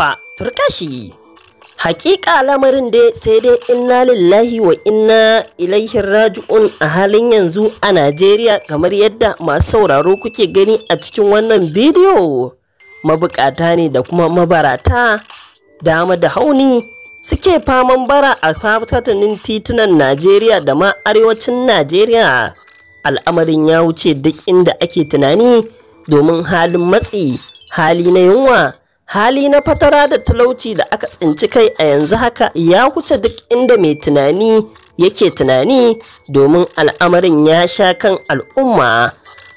fa turkashi hakika lamarin dai sai dai inna lillahi wa inna ilaihi raji'un a halin yanzu a najeriya kamar yadda masu sauraro kuke gani a cikin wannan bidiyo mabukata ne da kuma mabarata dama da hauni suke faman bara a fatanin titunan najeriya da ma arewacin najeriya al'amarin ya wuce duk inda ake tunani domin halin matsi hali na yunwa Hali na fatara da talauci da aka tsinci kai a yanzu haka ya wuce duk inda mai tunani yake tunani domin al'amarin ya sha kan al'umma.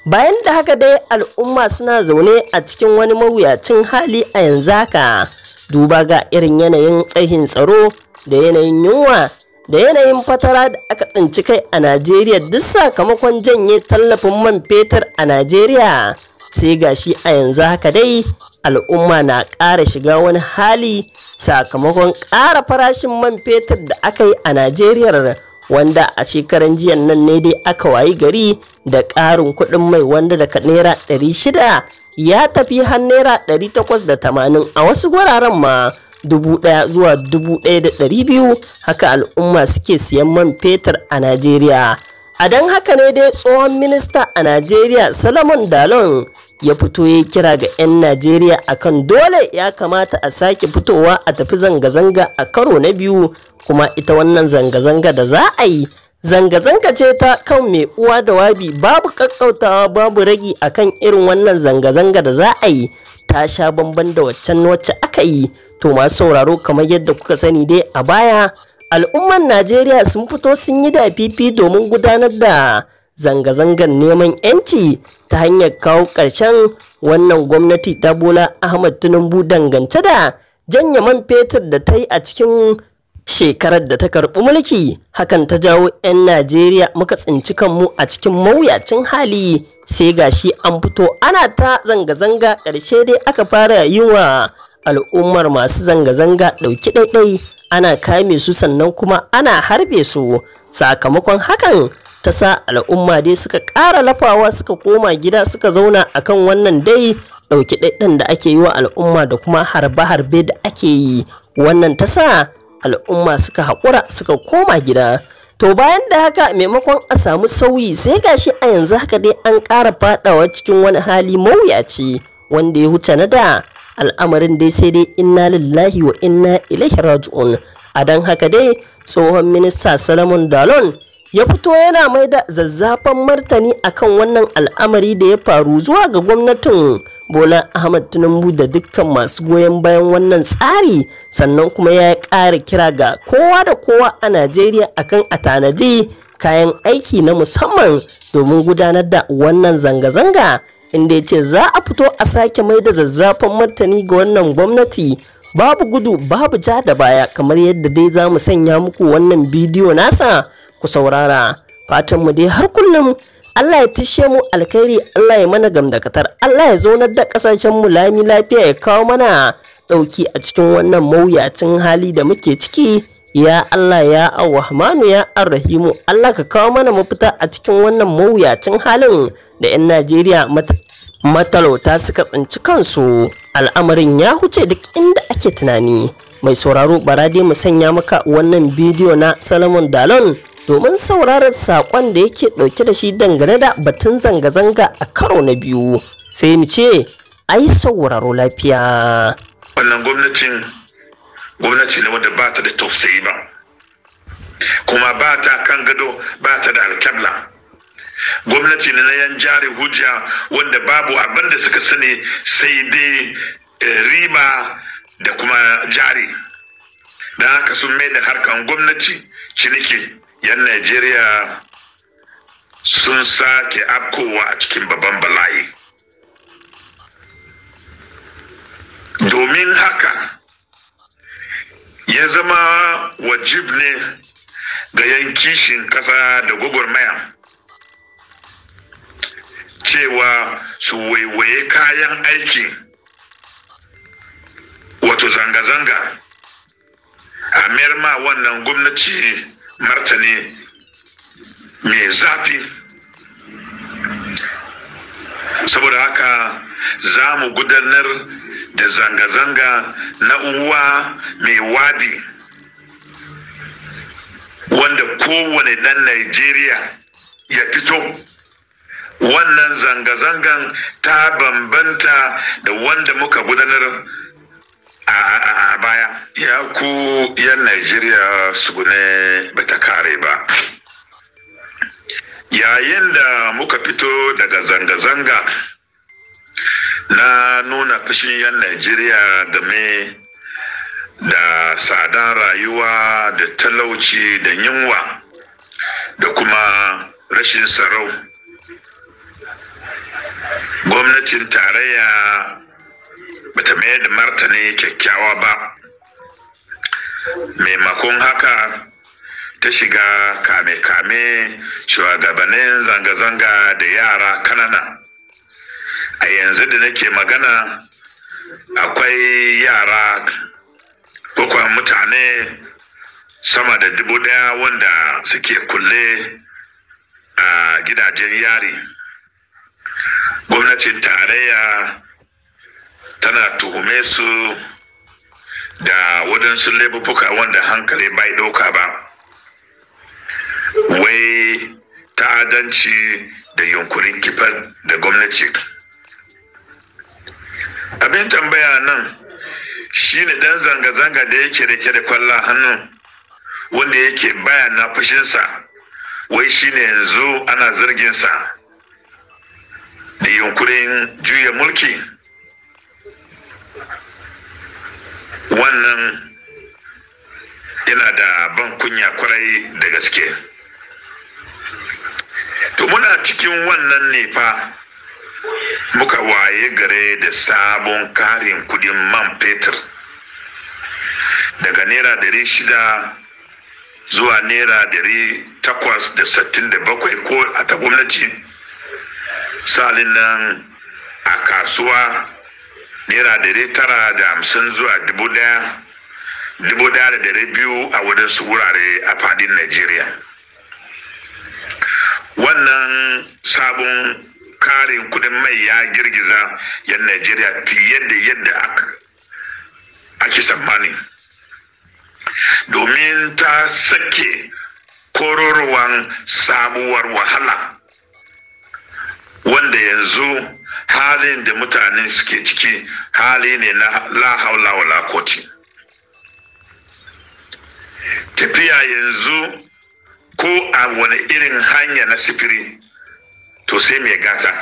Bayan da haka dai al'umma suna zaune a cikin wani mawuyacin hali a yanzu haka duba ga irin yanayin tsahin tsaro da yanayin yunwa da yanayin fatara da aka tsinci kai a Najeriya duk sakamakon janye tallafin man fetur a Najeriya. sai gashi a yanzu haka dai al'umma na ƙara shiga wani hali sakamakon ƙara farashin man fetur da aka yi a najeriya wanda a shekaran jiyan nan ne dai aka wayi gari da ƙarin kuɗin mai wanda daga naira 600 ya tafi har naira 880 a wasu wuraren ma dubu ɗaya zuwa dubu ɗaya da ɗari biyu haka al'umma suke siyan man fetur a najeriya a don haka ne dai tsohon minista a najeriya solomon dalon ya fito ya kira ga 'yan najeriya akan dole ya kamata a sake fitowa a tafi zanga-zanga a karo na biyu kuma ita wannan zanga-zanga da za a yi zanga-zanga ce ta kan mai uwa da wabi babu kakkautawa babu ragi akan irin wannan zanga-zanga da za a yi ta sha bamban da waccan wacce aka yi to masu sauraro kamar yadda kuka sani dai a baya al'umman najeriya sun fito sun yi da fifi domin gudanar da zanga-zangar neman 'yanci ta hanyar kawo ƙarshen wannan gwamnati ta bola ahmad tinubu dangance da janye man fetur da ta yi a cikin shekarar da ta karɓi mulki hakan ta jawo 'yan najeriya muka tsinci kanmu a cikin mawuyacin hali sai gashi an fito ana ta zanga-zanga ƙarshe dai aka fara yi wa al'ummar masu zanga-zanga ɗauki ɗaiɗai ana kame su sannan kuma ana harbe su sakamakon hakan ta sa al'umma dai suka ƙara lafawa suka koma gida suka zauna akan wannan dai ɗauki ɗaiɗan da ake yi wa al'umma da kuma harbe-harbe da ake yi wannan ta sa al'umma suka haƙura suka koma gida to bayan da haka maimakon a samu sauyi sai gashi a yanzu haka dai an ƙara faɗawa cikin wani hali mawuyaci wanda ya huce na da al'amarin dai sai dai inna lillahi wa inna ilaihi raji'un a don haka dai tsohon minista salamun dalon ya fito yana mai da zazzafan martani akan wannan al'amari da ya faru zuwa ga gwamnatin bola ahmad tinubu da dukkan masu goyon bayan wannan tsari sannan kuma ya ƙara kira ga kowa da kowa a najeriya akan a tanadi kayan aiki na musamman domin gudanar da wannan zanga-zanga inda ya ce za a fito a sake mai da zazzafan martani ga wannan gwamnati babu gudu babu ja da baya kamar yadda dai za mu sanya muku wannan bidiyo nasa ku saurara fatan mu dai har kullum Allah ya tishe mu alkhairi Allah ya mana gamdakatar Allah ya zaunar da kasashen mu lami lafiya ya kawo mana ɗauki a cikin wannan mawuyacin hali da muke ciki ya Allah ya ar ya arrahimu Allah ka kawo mana mafita a cikin wannan mawuyacin halin da 'yan Najeriya matalauta suka tsinci kansu al'amarin ya huce duk inda ake tunani mai sauraro bara dai mu sanya maka wannan bidiyo na Salamun Dalon domin sauraron saƙon da yake ɗauke da shi dangane da batun zanga-zanga a karo na biyu sai mu ce ai sauraro lafiya wannan gwamnatin gwamnati ne wanda ba ta da tausayi ba kuma ba ta kan gado ba ta da alkabla gwamnati ne na yan jari hujja wanda babu abin da suka sani sai dai eh, riba da kuma jari da haka sun mai da harkan gwamnati ciniki 'yan najeriya sun sake afkowa a cikin babban bala'i domin haka ya zama wajib ne ga 'yan kishin ƙasa da gwagwarmaya cewa su waiwaye kayan aiki wato zanga-zanga a ma wannan gwamnati martani mai zafi saboda haka za mu gudanar da zanga-zanga na uwa mai wadi wanda kowane dan Najeriya ya fito wannan zanga-zangan ta bambanta da wanda muka gudanar a baya ya ku yan Najeriya su ne bata kare ba yayin da muka fito daga zanga-zanga na nuna fushin yan Najeriya da me da tsadan rayuwa da talauci da yunwa da kuma rashin sarau gwamnatin tarayya bata mayar da martani kyakkyawa ba maimakon haka ta shiga kame-kame shugabannin zanga-zanga da yara kanana a yanzu da nake magana akwai yara koko mutane sama da dubu daya wanda suke kulle a gidajen yari gwamnatin tarayya tana tuhume su da waɗansu laifuka wanda hankali bai ɗauka ba wai ta'adanci da yunkurin kifar da gwamnati abin tambaya nan shi ne ɗan zanga-zanga da yake rike da kwallon hannu wanda yake baya na fushinsa wai ne yanzu ana zarginsa da yunkurin juya mulki wannan yana da ban kunya kwarai da gaske to muna cikin wannan ne fa muka waye gare da sabon karin kudin man fetur daga naira dari shida zuwa naira dari takwas da sattin da bakwai ko a ta gwamnati salin nan a kasuwa naira dari tara da hamsin zuwa dubu daya dubu daya da dari biyu a wurin su wurare a fadin najeriya wannan sabon karin kudin mai ya girgiza yan najeriya fiye da yadda ake tsammani domin ta sake kororowar sabuwar wahala wanda yanzu halin da mutane suke ciki hali ne na lahaula wa lakoci. tafiya yanzu ko a wani irin hanya na sifiri to sai mai gata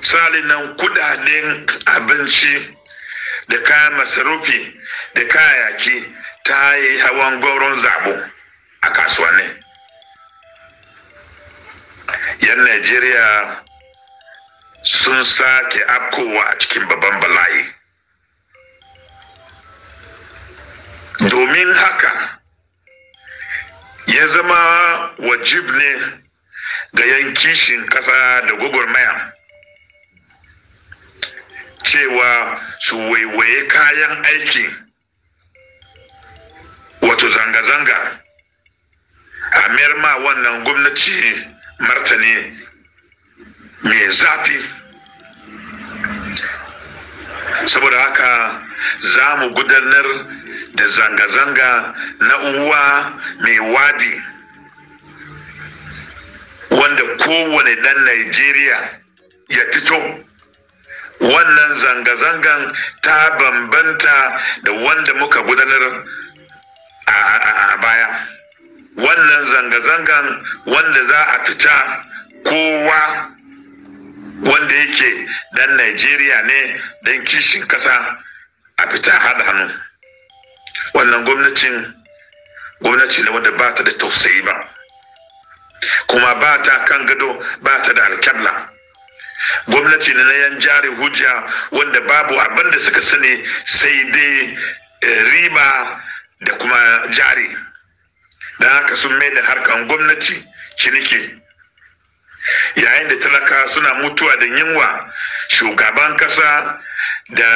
salinan kudaden abinci da kayan masarufi da kayayyaki ta yi hawan gwauron zabo a kasuwannin 'yan najeriya sun sake afkowa a cikin babban bala'i domin haka ya zama wajib ne ga yankishin ƙasa da gwagwarmaya cewa su waiwaye kayan aiki wato zanga-zanga a ma wannan gwamnati martani mai zafi saboda haka za mu gudanar da zanga-zanga na uwa mai wadi wanda kowane dan Najeriya ya fito wannan zanga-zangan ta bambanta da wanda muka gudanar a baya. wannan zanga-zangan wanda za a fita kowa wanda yake dan Najeriya ne dan kishin kasa a fita haɗa hannu wannan gwamnatin gwamnati ne wanda ba ta da tausayi ba kuma ba ta kan gado ba ta da alkyabla gwamnati ne na yan jari hujja wanda babu abin da suka sani sai dai eh, riba da kuma jari don haka sun mai da harkan gwamnati ciniki yayin da talaka suna mutuwa da yunwa shugaban kasa da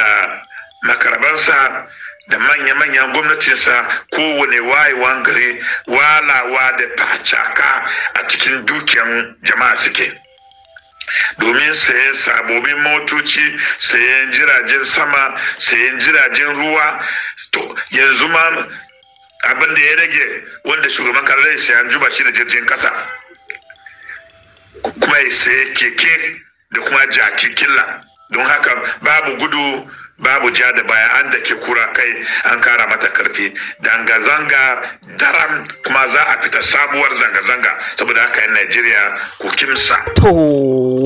makarabansa da manya-manyan gwamnatinsa kowane wayewan gare walawa da facaka a cikin dukiyan jama'a suke domin sayen sabobin motoci sayen jiragen sama sayen jiragen ruwa to yanzu ma abin da ya rage wanda shugaban kare zai sayan juba shi da jirgin kasa kuma ya sayi keke da kuma jaki killa don haka babu gudu babu ja da baya an da ke kura kai an kara mata karfi danga-zanga daram kuma za a fita sabuwar zanga-zanga saboda haka yin najeriya ku kimsa to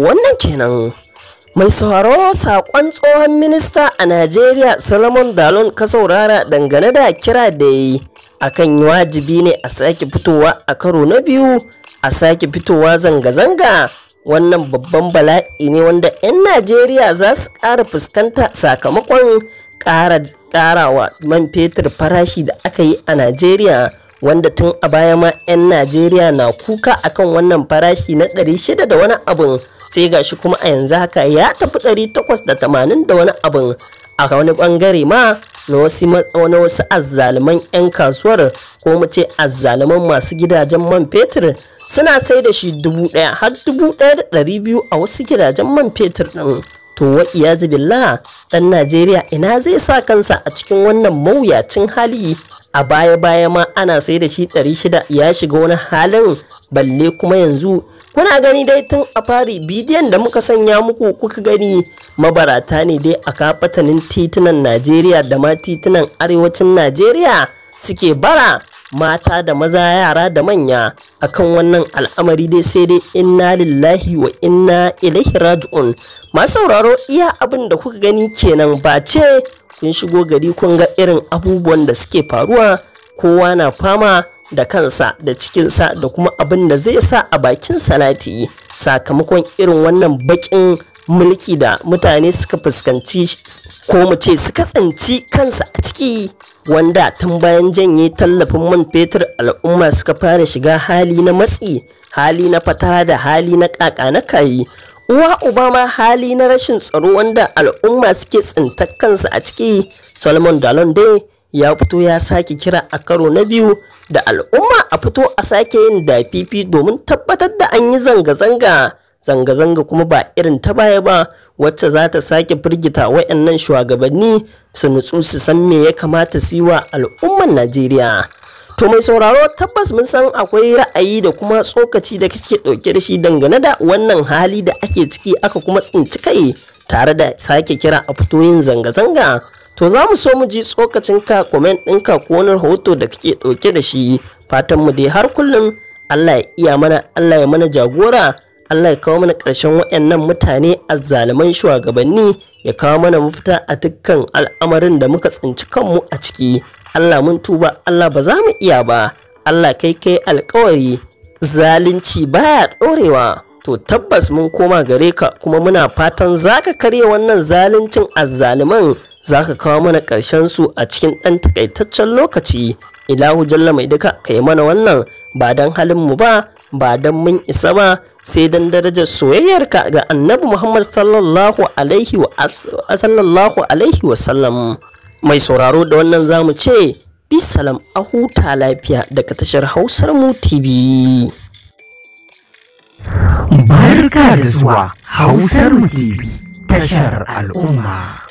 wannan kenan mai sauraro sakon tsohon minista a najeriya Salomon dalon ka saurara dangane da kira da yi akan wajibi ne a sake fitowa a karo na biyu a sake fitowa zanga-zanga wannan babban bala'i ne wanda 'yan najeriya za su ƙara fuskanta sakamakon ƙarawa man fetur farashi da aka yi a najeriya wanda tun a baya ma 'yan najeriya na kuka akan wannan farashi na 600 da wani abin sai gashi kuma a yanzu haka ya tafi 880 da wani abin a wani bangare ma na wasu wani wasu azzaluman 'yan kasuwar ko mu ce azzaluman masu gidajen man fetur suna sai da shi dubu ɗaya har dubu ɗaya da ɗari biyu a wasu gidajen man fetur din to wa iya ɗan najeriya ina zai sa kansa a cikin wannan mawuyacin hali a baya baya ma ana sai da shi ɗari shida ya shiga wani halin balle kuma yanzu kuna gani dai tun a fari bidiyon da muka sanya muku kuka gani mabarata ne dai a kafatanin titunan najeriya da ma titunan arewacin najeriya suke bara mata da maza yara da manya akan wannan al'amari dai sai dai inna lillahi wa inna ilaihi raji'un masu sauraro iya abin da kuka gani kenan ba ce kun shigo gari kun ga irin abubuwan da suke faruwa kowa na fama da kansa da cikinsa da kuma abin da zai sa a bakin salati sakamakon irin wannan bakin mulki da mutane suka fuskanci ko mu ce suka tsinci kansa a ciki wanda tun bayan janye tallafin man fetur al'umma suka fara shiga hali na matsi hali na fata da hali na kaka na kayi uwa Obama hali na rashin tsaro wanda al'umma suke tsintar kansa a ciki solomon dalon dai ya fito ya sake kira a karo na biyu da al'umma a fito a sake yin dafifi domin tabbatar da an yi zanga-zanga zanga-zanga kuma ba irin ta baya ba wacce za ta sake firgita wayannan shugabanni su nutsu su san me ya kamata su yi wa al'umman najeriya to mai sauraro tabbas mun san akwai ra'ayi da kuma tsokaci da kake ɗauke da shi dangane da wannan hali da ake ciki aka kuma tsinci kai tare da sake kira a fito yin zanga-zanga to za mu so mu ji tsokacin ka ɗin ɗinka ko wani rahoto da kake ɗauke da shi fatan mu dai har kullum Allah ya iya mana Allah ya mana jagora Allah ya kawo mana ƙarshen waɗannan mutane a zaluman shugabanni ya kawo mana mafita a dukkan al'amarin da muka tsinci kanmu a ciki Allah mun tuba Allah ba za mu iya ba Allah kai kai alƙawari. zalunci baya ɗorewa to tabbas mun koma gare ka kuma muna fatan zaka karya wannan zaluncin azzaluman za ka kawo mana ƙarshen su a cikin ɗan takaitaccen lokaci ilahu jalla mai duka ka yi mana wannan ba don halin mu ba ba don mun isa ba sai don darajar soyayyarka ga annabi muhammad sallallahu alaihi wa sallam mai sauraro da wannan zamu ce bisalam a huta lafiya daga tashar hausar mu tv barka da zuwa hausar mu tashar al'umma